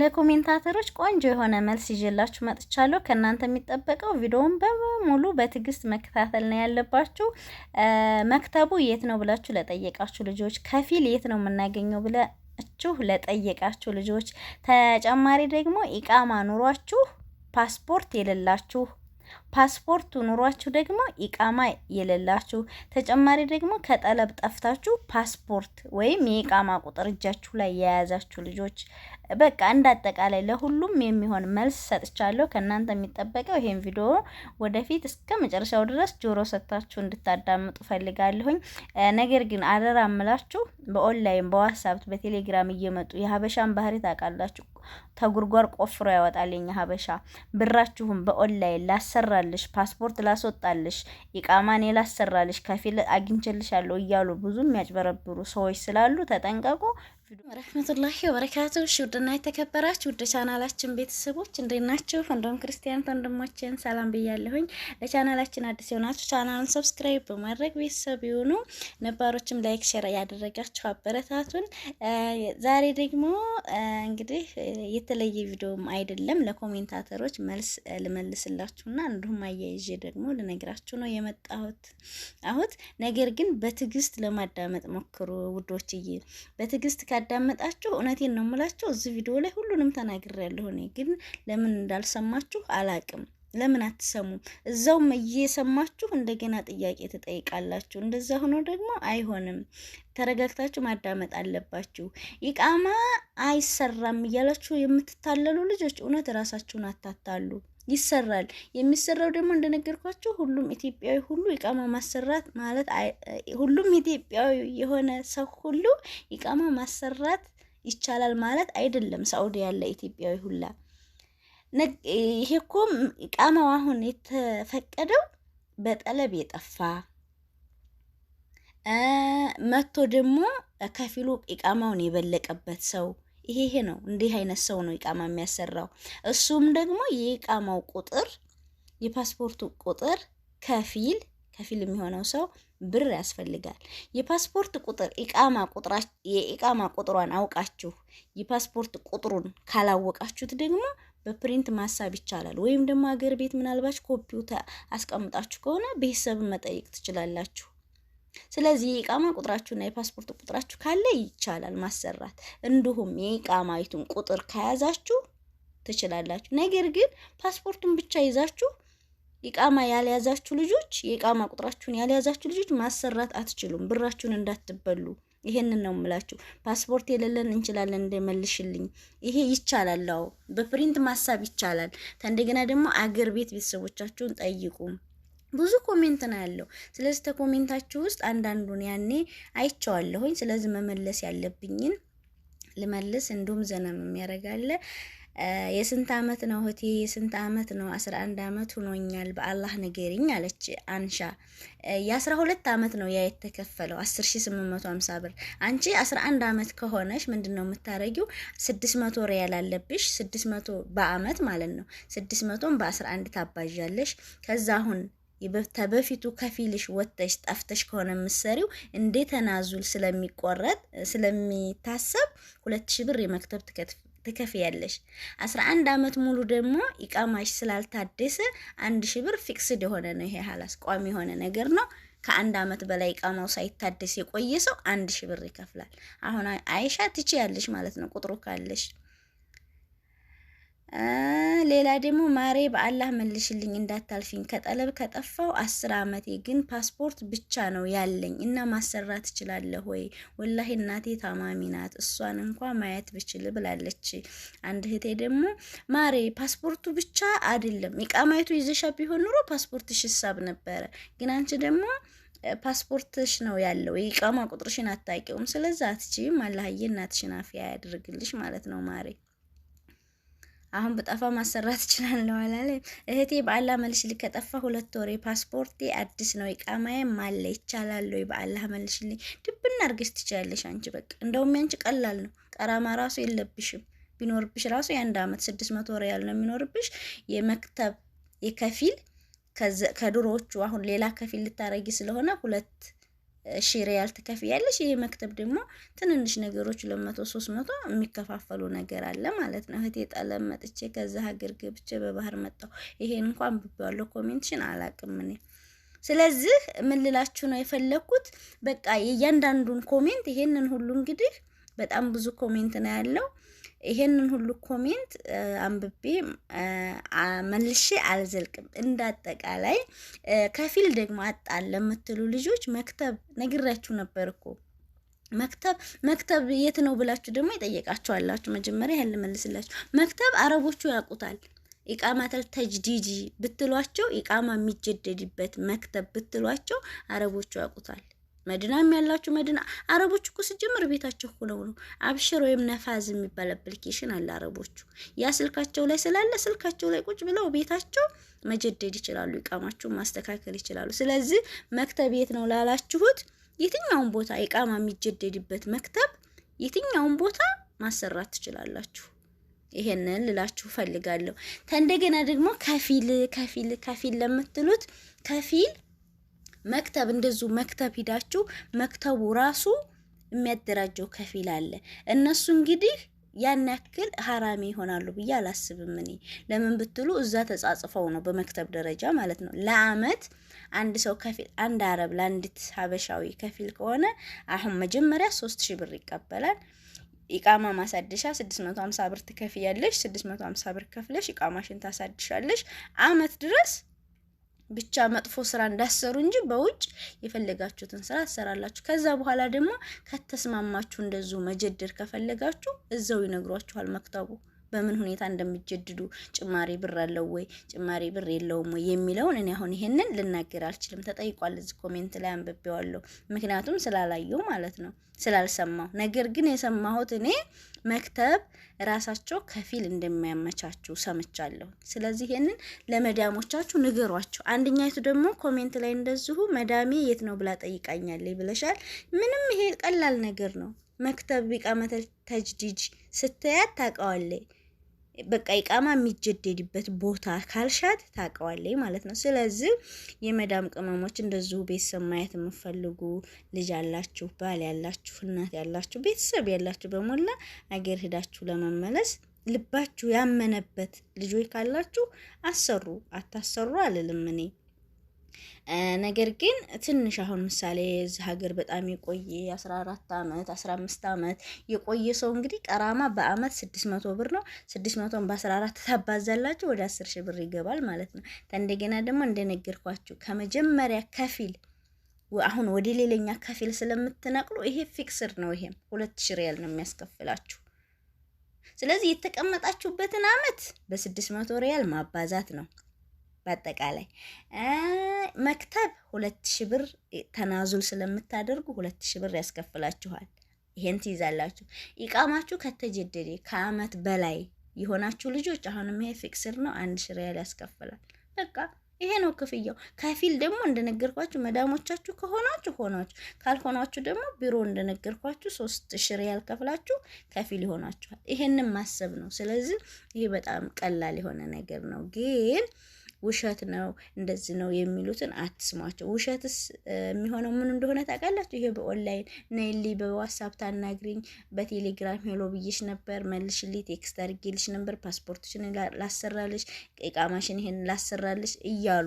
ለኮሜንታተሮች ቆንጆ የሆነ መልስ ይዤላችሁ መጥቻለሁ። ከእናንተ የሚጠበቀው ቪዲዮውን በሙሉ በትዕግስት መከታተል ነው ያለባችሁ። መክተቡ የት ነው ብላችሁ ለጠየቃችሁ ልጆች፣ ከፊል የት ነው የምናገኘው ብላችሁ ለጠየቃችሁ ልጆች፣ ተጨማሪ ደግሞ ኢቃማ ኑሯችሁ ፓስፖርት የሌላችሁ ፓስፖርት ኑሯችሁ ደግሞ ኢቃማ የሌላችሁ ተጨማሪ ደግሞ ከጠለብ ጠፍታችሁ ፓስፖርት ወይም የኢቃማ ቁጥር እጃችሁ ላይ የያዛችሁ ልጆች በቃ አንድ አጠቃላይ ለሁሉም የሚሆን መልስ ሰጥቻለሁ። ከእናንተ የሚጠበቀው ይሄን ቪዲዮ ወደፊት እስከ መጨረሻው ድረስ ጆሮ ሰጥታችሁ እንድታዳምጡ ፈልጋለሁኝ። ነገር ግን አደራ ምላችሁ በኦንላይን በዋትሳፕ በቴሌግራም እየመጡ የሀበሻን ባህሪ ታውቃላችሁ ተጉርጓር ቆፍሮ ያወጣል የኛ ሀበሻ። ብራችሁን በኦንላይን ላሰራልሽ፣ ፓስፖርት ላስወጣልሽ፣ ኢቃማኔ ላሰራልሽ፣ ከፊል አግኝቼልሻለሁ እያሉ ብዙ የሚያጭበረብሩ ሰዎች ስላሉ ተጠንቀቁ። ረህመቱላሂ ወበረካቱ ውድና የተከበራችሁ ውድ ቻናላችን ቤተሰቦች እንዴት ናችሁ? እንዲሁም ክርስቲያን ወንድሞችን ሰላም ብያለሁኝ። ለቻናላችን አዲስ የሆናችሁ ቻናሉን ሰብስክራይብ በማድረግ ቤተሰብ የሆኑ ነባሮችም ላይክ፣ ሼር ያደረጋችሁ አበረታቱን። ዛሬ ደግሞ እንግዲህ የተለየ ቪዲዮም አይደለም ለኮሜንታተሮች መልስ ልመልስላችሁና እንዲሁም አያይዤ ደግሞ ልነግራችሁ ነው የመጣሁት አሁት ነገር ግን በትዕግስት ለማዳመጥ ሞክሩ ውዶችዬ በትዕግስት ሳዳመጣችሁ እውነቴን ነው የምላችሁ። እዚህ ቪዲዮ ላይ ሁሉንም ተናግሬያለሁ። እኔ ግን ለምን እንዳልሰማችሁ አላቅም። ለምን አትሰሙም? እዛውም እየሰማችሁ እንደገና ጥያቄ ትጠይቃላችሁ። እንደዛ ሆኖ ደግሞ አይሆንም። ተረጋግታችሁ ማዳመጥ አለባችሁ። ይቃማ አይሰራም እያላችሁ የምትታለሉ ልጆች እውነት ራሳችሁን አታታሉ። ይሰራል። የሚሰራው ደግሞ እንደነገርኳቸው ሁሉም ኢትዮጵያዊ ሁሉ ኢቃማ ማሰራት ማለት ሁሉም ኢትዮጵያዊ የሆነ ሰው ሁሉ ኢቃማ ማሰራት ይቻላል ማለት አይደለም። ሳዑዲ ያለ ኢትዮጵያዊ ሁላ ይሄ እኮ ኢቃማው አሁን የተፈቀደው በጠለብ የጠፋ መቶ ደግሞ ከፊሉ ኢቃማውን የበለቀበት ሰው ይሄ ነው። እንዲህ አይነት ሰው ነው ኢቃማ የሚያሰራው። እሱም ደግሞ የኢቃማው ቁጥር የፓስፖርቱ ቁጥር ከፊል ከፊል የሚሆነው ሰው ብር ያስፈልጋል። የፓስፖርት ቁጥር ኢቃማ ቁጥራ የኢቃማ ቁጥሯን አውቃችሁ የፓስፖርት ቁጥሩን ካላወቃችሁት ደግሞ በፕሪንት ማሳብ ይቻላል። ወይም ደግሞ አገር ቤት ምናልባች ኮምፒውተር አስቀምጣችሁ ከሆነ ቤተሰብ መጠየቅ ትችላላችሁ። ስለዚህ የኢቃማ ቁጥራችሁና የፓስፖርት ቁጥራችሁ ካለ ይቻላል ማሰራት። እንዲሁም የኢቃማይቱን ቁጥር ከያዛችሁ ትችላላችሁ። ነገር ግን ፓስፖርቱን ብቻ ይዛችሁ ኢቃማ ያልያዛችሁ ልጆች የኢቃማ ቁጥራችሁን ያልያዛችሁ ልጆች ማሰራት አትችሉም። ብራችሁን እንዳትበሉ። ይሄንን ነው የምላችሁ። ፓስፖርት የሌለን እንችላለን እንደመልሽልኝ ይሄ ይቻላል። አዎ በፕሪንት ማሳብ ይቻላል። እንደገና ደግሞ አገር ቤት ቤተሰቦቻችሁን ጠይቁም። ብዙ ኮሜንት ነው ያለው። ስለዚህ ተኮሜንታችሁ ውስጥ አንዳንዱን ያኔ አይቼዋለሁኝ። ስለዚህ መመለስ ያለብኝን ልመልስ። እንዲሁም ዘነም የሚያደርጋለ የስንት አመት ነው እህቴ? የስንት አመት ነው? አስራ አንድ አመት ሆኖኛል በአላህ ንገሪኝ አለች አንሻ። የአስራ ሁለት አመት ነው ያ የተከፈለው አስር ሺ ስምንት መቶ ሀምሳ ብር። አንቺ አስራ አንድ አመት ከሆነሽ ምንድን ነው የምታረጊው? ስድስት መቶ ሪያል አለብሽ። ስድስት መቶ በአመት ማለት ነው። ስድስት መቶን በአስራ አንድ ታባዣለሽ። ከዛ አሁን በፊቱ ከፊልሽ ወጥተሽ ጠፍተሽ ከሆነ የምትሰሪው እንደ ተናዙል ስለሚቆረጥ ስለሚታሰብ ሁለት ሺ ብር የመክተብ ትከፍያለሽ። አስራ አንድ አመት ሙሉ ደግሞ ኢቃማሽ ስላልታደሰ አንድ ሺ ብር ፊክስድ የሆነ ነው። ይሄ ሀላስ ቋሚ የሆነ ነገር ነው። ከአንድ አመት በላይ ኢቃማው ሳይታደስ የቆየ ሰው አንድ ሺ ብር ይከፍላል። አሁን አይሻ ትችያለሽ ማለት ነው ቁጥሩ ካለሽ ሌላ ደግሞ ማሬ በአላህ መልሽልኝ እንዳታልፊኝ ከጠለብ ከጠፋው አስር አመቴ ግን ፓስፖርት ብቻ ነው ያለኝ እና ማሰራት እችላለሁ ወይ? ወላሂ እናቴ ታማሚ ናት፣ እሷን እንኳ ማየት ብችል ብላለች። አንድ እህቴ ደግሞ ማሬ ፓስፖርቱ ብቻ አይደለም ኢቃማይቱ ይዘሻ ቢሆን ኑሮ ፓስፖርት ሽሳብ ነበረ፣ ግን አንቺ ደግሞ ፓስፖርትሽ ነው ያለው የኢቃማ ቁጥርሽን አታውቂውም። ስለዛ አትችይም። አላህዬ እናትሽን አፍያ ያድርግልሽ ማለት ነው ማሬ አሁን በጠፋ ማሰራት እችላለሁ አላለ እህቴ። በአላህ መልሽልኝ፣ ከጠፋ ሁለት ወሬ ፓስፖርቴ አዲስ ነው፣ ይቃማዬም ማለ ይቻላል ወይ በአላህ መልሽልኝ። ድብና እርግሽ ትችላለሽ አንቺ በቃ። እንደውም ያንቺ ቀላል ነው፣ ቀራማ ራሱ የለብሽም። ቢኖርብሽ ራሱ የአንድ አመት ስድስት መቶ ሪያል ነው የሚኖርብሽ የመክተብ የከፊል ከድሮዎቹ አሁን ሌላ ከፊል ልታረጊ ስለሆነ ሁለት ሺ ሪያል ትከፍያለሽ። ይሄ መክተብ ደግሞ ትንንሽ ነገሮች ሁለት ሶስት መቶ የሚከፋፈሉ ነገር አለ ማለት ነው። እህቴ ጠለም መጥቼ ከዛ ሀገር ገብቼ በባህር መጣሁ። ይሄን እንኳን ብባለው ኮሜንትሽን አላቅም እኔ። ስለዚህ ምንላችሁ ነው የፈለግኩት፣ በቃ የእያንዳንዱን ኮሜንት ይሄንን ሁሉ እንግዲህ በጣም ብዙ ኮሜንት ነው ያለው ይሄንን ሁሉ ኮሜንት አንብቤ መልሼ አልዘልቅም። እንዳጠቃላይ ከፊል ደግሞ አጣል ለምትሉ ልጆች መክተብ ነግራችሁ ነበር እኮ መክተብ መክተብ የት ነው ብላችሁ ደግሞ ይጠየቃችኋላችሁ። መጀመሪያ ይሄን ልመልስላችሁ። መክተብ አረቦቹ ያውቁታል። ኢቃማተል ተጅዲጂ ብትሏቸው ኢቃማ የሚጀደድበት መክተብ ብትሏቸው አረቦቹ ያውቁታል። መድናም ያላችሁ መድና አረቦች እኮ ሲጀምር ቤታቸው ሁለው ነው። አብሽር ወይም ነፋዝ የሚባል አፕሊኬሽን አለ አረቦቹ። ያ ስልካቸው ላይ ስላለ ስልካቸው ላይ ቁጭ ብለው ቤታቸው መጀደድ ይችላሉ፣ ይቃማቸው ማስተካከል ይችላሉ። ስለዚህ መክተብ የት ነው ላላችሁት፣ የትኛውን ቦታ ይቃማ የሚጀደድበት መክተብ የትኛውን ቦታ ማሰራት ትችላላችሁ። ይሄንን ልላችሁ ፈልጋለሁ። ተእንደገና ደግሞ ከፊል ከፊል ከፊል ለምትሉት ከፊል መክተብ እንደዚሁ መክተብ ሂዳችሁ መክተቡ ራሱ የሚያደራጀው ከፊል አለ። እነሱ እንግዲህ ያን ያክል ሀራሚ ይሆናሉ ብዬ አላስብም። እኔ ለምን ብትሉ እዛ ተጻጽፈው ነው በመክተብ ደረጃ ማለት ነው። ለአመት አንድ ሰው ከፊል አንድ አረብ ለአንዲት ሀበሻዊ ከፊል ከሆነ አሁን መጀመሪያ ሶስት ሺህ ብር ይቀበላል። ኢቃማ ማሳደሻ 650 ብር ትከፍያለሽ። 650 ብር ከፍለሽ ኢቃማሽን ታሳድሻለሽ አመት ድረስ ብቻ መጥፎ ስራ እንዳሰሩ እንጂ በውጭ የፈለጋችሁትን ስራ ትሰራላችሁ። ከዛ በኋላ ደግሞ ከተስማማችሁ እንደዙ መጀደር ከፈለጋችሁ እዛው ይነግሯችኋል መክተቡ። በምን ሁኔታ እንደሚጀድዱ ጭማሪ ብር አለው ወይ ጭማሪ ብር የለውም ወይ የሚለውን እኔ አሁን ይሄንን ልናገር አልችልም። ተጠይቋል፣ እዚህ ኮሜንት ላይ አንብቤዋለሁ። ምክንያቱም ስላላየው ማለት ነው ስላልሰማው። ነገር ግን የሰማሁት እኔ መክተብ ራሳቸው ከፊል እንደሚያመቻችሁ ሰምቻለሁ። ስለዚህ ይሄንን ለመዳሞቻችሁ ንገሯቸው። አንደኛይቱ ደግሞ ኮሜንት ላይ እንደዚሁ መዳሜ የት ነው ብላ ጠይቃኛለች ብለሻል። ምንም ይሄ ቀላል ነገር ነው። መክተብ ቢቃመተል ተጅዲጅ ስትያት ታውቀዋለች። በቃ ይቃማ የሚጀደድበት ቦታ ካልሻት ታውቀዋለች ማለት ነው። ስለዚህ የመዳም ቅመሞች እንደዚሁ ቤተሰብ ማየት የምፈልጉ ልጅ ያላችሁ፣ ባል ያላችሁ፣ እናት ያላችሁ፣ ቤተሰብ ያላችሁ በሞላ አገር ሄዳችሁ ለመመለስ ልባችሁ ያመነበት ልጆች ካላችሁ አሰሩ አታሰሩ አልልም እኔ ነገር ግን ትንሽ አሁን ምሳሌ እዚህ ሀገር በጣም የቆየ 14 ዓመት አምስት ዓመት የቆየ ሰው እንግዲህ ቀራማ በአመት ስድስት መቶ ብር ነው ስድስት መቶን በ በ14 ታባዛላችሁ ወደ አስር ሺህ ብር ይገባል ማለት ነው። እንደገና ደግሞ እንደነገርኳችሁ ከመጀመሪያ ከፊል አሁን ወደ ሌላኛ ከፊል ስለምትነቅሉ ይሄ ፊክስር ነው። ይሄም ሺ ሪያል ነው የሚያስከፍላችሁ። ስለዚህ የተቀመጣችሁበትን አመት በስድስት መቶ ሪያል ማባዛት ነው። በአጠቃላይ መክተብ ሁለት ሺ ብር ተናዙል ስለምታደርጉ ሁለት ሺ ብር ያስከፍላችኋል። ይሄን ትይዛላችሁ። ኢቃማችሁ ከተጀደደ ከአመት በላይ የሆናችሁ ልጆች አሁንም ይሄ ፊክስር ነው፣ አንድ ሺ ሪያል ያስከፍላል። በቃ ይሄ ነው ክፍያው። ከፊል ደግሞ እንደነገርኳችሁ መዳሞቻችሁ ከሆናችሁ ሆናችሁ፣ ካልሆናችሁ ደግሞ ቢሮ እንደነገርኳችሁ ሶስት ሺ ሪያል ከፍላችሁ ከፊል ይሆናችኋል። ይሄንን ማሰብ ነው። ስለዚህ ይሄ በጣም ቀላል የሆነ ነገር ነው ግን ውሸት ነው እንደዚህ ነው የሚሉትን አትስሟቸው። ውሸትስ የሚሆነው ምን እንደሆነ ታውቃላችሁ? ይሄ በኦንላይን ነይሊ፣ በዋትሳፕ ታናግሪኝ፣ በቴሌግራም ሄሎ ብዬሽ ነበር መልሽሊ፣ ቴክስት አድርጌልሽ ነበር፣ ፓስፖርትሽን ላሰራልሽ፣ ቃማሽን ይሄን ላሰራልሽ እያሉ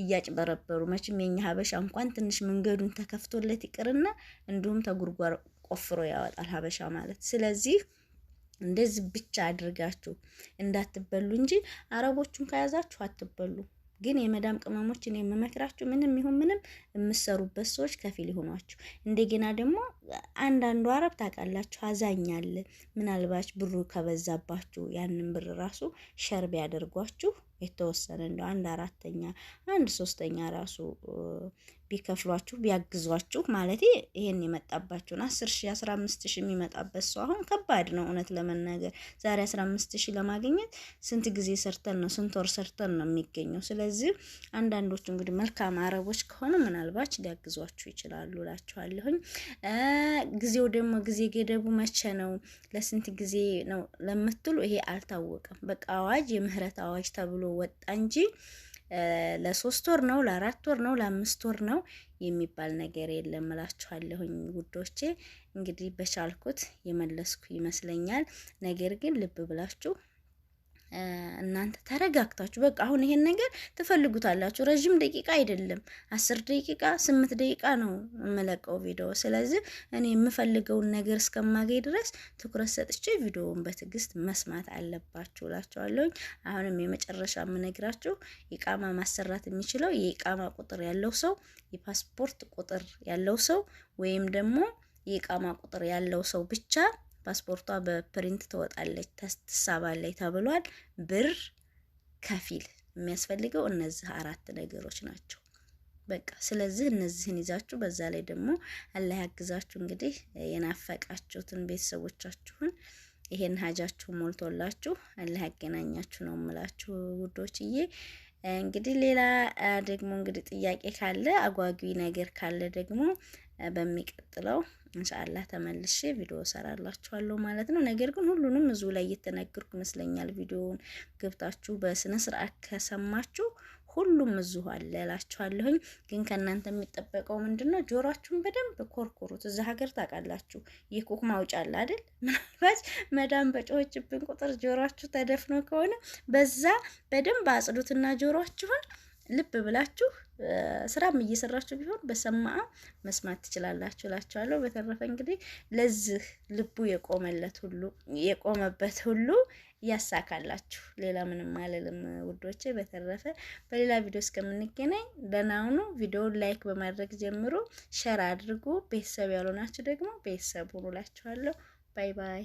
እያጭበረበሩ መቼም የኛ ሀበሻ እንኳን ትንሽ መንገዱን ተከፍቶለት ይቅርና እንዲሁም ተጉርጓር ቆፍሮ ያወጣል ሀበሻ ማለት ስለዚህ እንደዚህ ብቻ አድርጋችሁ እንዳትበሉ እንጂ አረቦቹን ከያዛችሁ አትበሉ። ግን የመዳም ቅመሞችን የምመክራችሁ ምንም ይሁን ምንም የምሰሩበት ሰዎች ከፊል ይሆኗችሁ። እንደገና ደግሞ አንዳንዱ አረብ ታውቃላችሁ፣ አዛኝ አለ። ምናልባች ብሩ ከበዛባችሁ ያንን ብር ራሱ ሸር ቢያደርጓችሁ የተወሰነ እንደ አንድ አራተኛ አንድ ሶስተኛ ራሱ ቢከፍሏችሁ ቢያግዟችሁ ማለት ይሄን የመጣባችሁን አስር ሺ አስራ አምስት ሺ የሚመጣበት ሰው አሁን ከባድ ነው። እውነት ለመናገር ዛሬ አስራ አምስት ሺ ለማግኘት ስንት ጊዜ ሰርተን ነው ስንት ወር ሰርተን ነው የሚገኘው። ስለዚህ አንዳንዶቹ እንግዲህ መልካም አረቦች ከሆኑ ምናልባች ሊያግዟችሁ ይችላሉ እላችኋለሁኝ። ጊዜው ደግሞ ጊዜ ገደቡ መቼ ነው ለስንት ጊዜ ነው ለምትሉ ይሄ አልታወቀም። በቃ አዋጅ የምህረት አዋጅ ተብሎ ወጣ እንጂ ለሶስት ወር ነው ለአራት ወር ነው ለአምስት ወር ነው የሚባል ነገር የለም እላችኋለሁኝ ውዶቼ። እንግዲህ በቻልኩት የመለስኩ ይመስለኛል። ነገር ግን ልብ ብላችሁ እናንተ ተረጋግታችሁ በቃ አሁን ይሄን ነገር ትፈልጉታላችሁ። ረዥም ደቂቃ አይደለም፣ አስር ደቂቃ ስምንት ደቂቃ ነው የምለቀው ቪዲዮ። ስለዚህ እኔ የምፈልገውን ነገር እስከማገኝ ድረስ ትኩረት ሰጥቼ ቪዲዮውን በትዕግስት መስማት አለባችሁ እላችኋለሁኝ። አሁንም የመጨረሻ የምነግራችሁ ኢቃማ ማሰራት የሚችለው የኢቃማ ቁጥር ያለው ሰው፣ የፓስፖርት ቁጥር ያለው ሰው ወይም ደግሞ የኢቃማ ቁጥር ያለው ሰው ብቻ ፓስፖርቷ በፕሪንት ትወጣለች፣ ትሳባለች ተብሏል። ብር ከፊል የሚያስፈልገው እነዚህ አራት ነገሮች ናቸው። በቃ ስለዚህ እነዚህን ይዛችሁ በዛ ላይ ደግሞ አላህ ያግዛችሁ። እንግዲህ የናፈቃችሁትን ቤተሰቦቻችሁን ይሄን ሀጃችሁ ሞልቶላችሁ አላህ ያገናኛችሁ ነው የምላችሁ ውዶችዬ። እንግዲህ ሌላ ደግሞ እንግዲህ ጥያቄ ካለ አጓጊ ነገር ካለ ደግሞ በሚቀጥለው እንሻአላህ ተመልሼ ቪዲዮ ሰራላችኋለሁ ማለት ነው። ነገር ግን ሁሉንም እዚሁ ላይ እየተነገርኩ ይመስለኛል። ቪዲዮውን ገብታችሁ በስነ ስርዓት ከሰማችሁ ሁሉም እዚሁ አለ እላችኋለሁኝ። ግን ከእናንተ የሚጠበቀው ምንድን ነው? ጆሯችሁን በደንብ ኮርኮሩት እዛ ሀገር ታውቃላችሁ የኮክ ማውጫ አለ አይደል? ምናልባት መዳም በጮኸችብን ቁጥር ጆሯችሁ ተደፍኖ ከሆነ በዛ በደንብ አጽዱትና ጆሯችሁን ልብ ብላችሁ ስራም እየሰራችሁ ቢሆን በሰማአ መስማት ትችላላችሁ እላችኋለሁ። በተረፈ እንግዲህ ለዚህ ልቡ የቆመለት ሁሉ የቆመበት ሁሉ ያሳካላችሁ። ሌላ ምንም አልልም ውዶቼ። በተረፈ በሌላ ቪዲዮ እስከምንገናኝ ደህና ሁኑ። ቪዲዮውን ላይክ በማድረግ ጀምሩ፣ ሸር አድርጉ። ቤተሰብ ያልሆናችሁ ደግሞ ቤተሰብ ሁኑ እላችኋለሁ። ባይ ባይ።